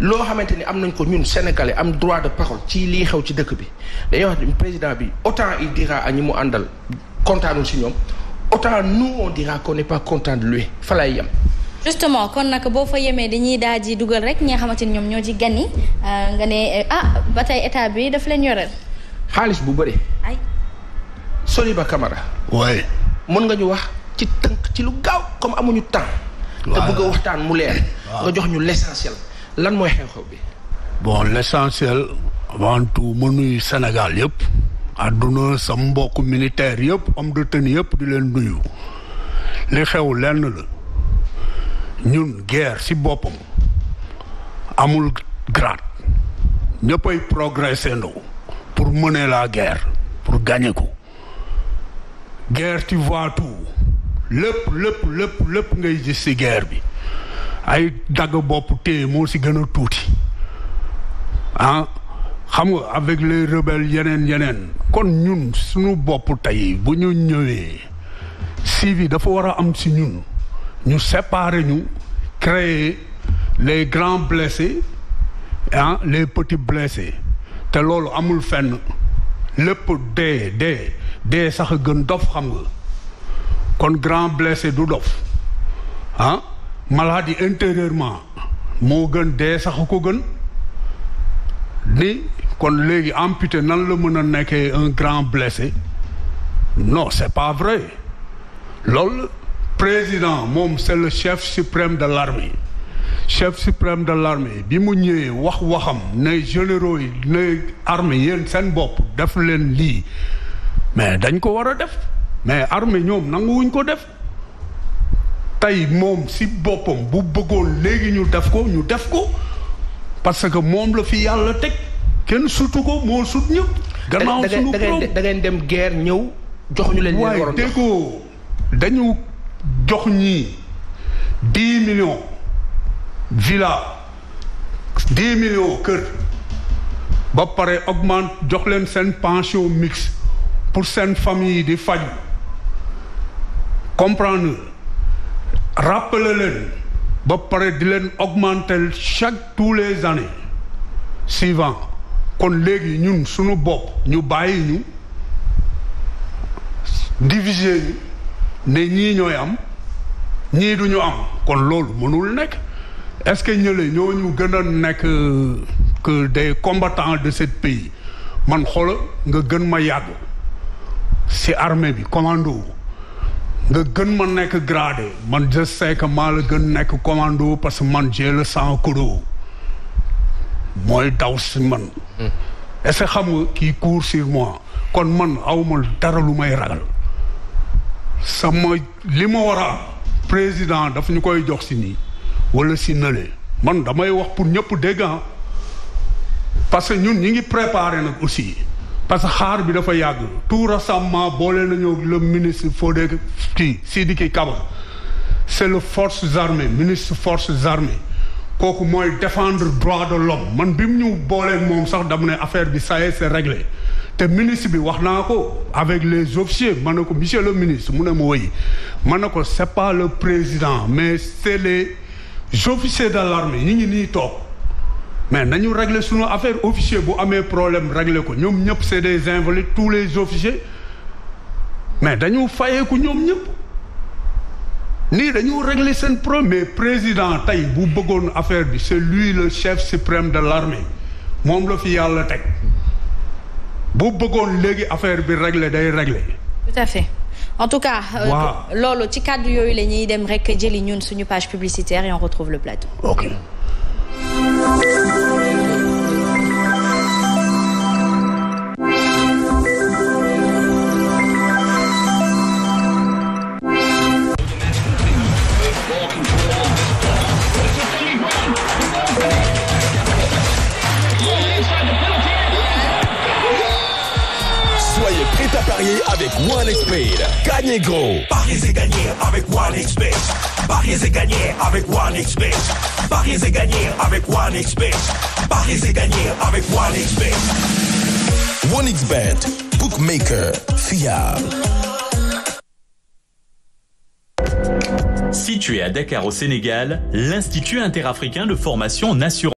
loo xamante ni am nañ ko ñun sénégalais am droit de parole ci lii xew ci dëkk bi day wax ni président bi autant il dira à ñi mu àndal kontaanul si ñoom autant nous on dira qu'on n'est pas content de lui fa lay yem. justement kon nag boo fa yemee dañuy daal di dugal rek nga xamante ni ñoom ñoo ci gan euh, nga ne euh, ah ba tey état bi daf leen yoreel. xaalis bu bëri. ay Soriba kamara waaye. mën nga ñu wax ci tënk ci lu gaaw comme amuñu temps. te bëgg a waxtaan mu leer. nga jox ñu l'essentiel. lan mooy xew-xew bi. bon l' essentiel avant tout ma nuyu Sénégal yëpp. àdduna sa mbokk militaire yëpp homme de tenue yëpp di leen nuyu. li xew lenn la ñun guerre ci boppam amul grade ñëppay progressé ndoo pour mener laa guerre pour gagner ko guerre tu vois lépp lépp lépp ngay gis ci guerre bi ay dagg bopp téye moo si gën a tuuti ah xam nga avec les rebelles yeneen yeneen kon ñun suñu bopp tey bu ñu ñëwee civi dafa war a am si ñun ñu séparer ñu créer les grands blessés ah les petits blessés te loolu amul fenn lépp dee dee dee sax a gën dof xam nga kon grand blessé du dof ah. maladie intérieurement moo gën dee saxu ko gën ni kon léegi amputé nan la mën a nekkee un grand blessé non c'est pas vrai loolu président moom c'est le chef suprême de l'armée chef suprême de l'armée bi mu ñëwee wax waxam ne généraux yi ne armée yéen seen bopp def leen lii mais dañ ko war a def mais armée ñoom nanguwuñ ko def tey moom si boppam bu bëggoon léegi ñu def ko ñu def ko parce que moom la fi yàlla teg kenn sutu ko moo sut ñëpp. gannaaw suñu borom da ngeen dem guerre ñëw jox ñu leen. ñu waroon jox dañu jox ñi dix millions villa dix millions kër ba pare augmente jox leen seen pension mixte pour seen famille di faju comprendre rappeler leen ba pare di leen augmenter chaque tous les années suivant kon léegi ñun suñu bopp ñu bàyyi ñu diviser ñu ne ñii ñooy am ñii du ñu am kon loolu mënul nekk est-ce que ñële ñoo ñu gën a nekk que des combattants de ce pays man xoola nga gën ma yàgg ci armée bi commando nga gën ma nekk gradé man je sais que maa la gën nekk commando parce que man j'ai le sang kodo mooy daw si man hmm. est ce que xam kii court sur kon man awma dara lu may ragal sama li ma war a président daf ñu koy jox si nii wala si nële man damay wax pour ñëpp dégg ah. parce que ñun ñi ngi préparé nag aussi parce que xaar bi dafa yàgg tout récemment boole nañu le ministre Fodé sii di Kaba c' est le force armées ministre forces armées kooku mooy défendre droit de l'homme man bi mu ñu boolee moom sax dama ne affaire bi ça y est c' te ministre bi wax naa ko avec les officiers man ne ko monsieur le ministre mu ne ma woy man ne ko c' est pas le président mais c' est les officiers de l' armée ñi ngi nii toog mais nañu régler sunu affaire officier bu amee problème régler ko ñoom ñëpp c'est des invalides tous les officiers mais dañu fayeeku ñoom ñëpp nii dañu régler seen premier président tey bu bëggoon affaire bi c'est lui le chef suprême de l'armée moom la fi yàlla teg bu bëggoon léegi affaire bi régler day régler. tout à fait en tout cas. Euh, waaw loolu ci kàddu yooyu la ñuy dem rek jëli ñun suñu page publicitaire et on retrouve le plateau. à parier avec One Expert. Gagnez gros. Pariez et gagnez avec One Expert. Pariez et gagnez avec One Expert. Pariez et gagnez avec One Expert. Pariez et gagnez avec One Expert. One Expert, bookmaker fiable. Situé à Dakar au Sénégal, l'Institut interafricain de formation en assurance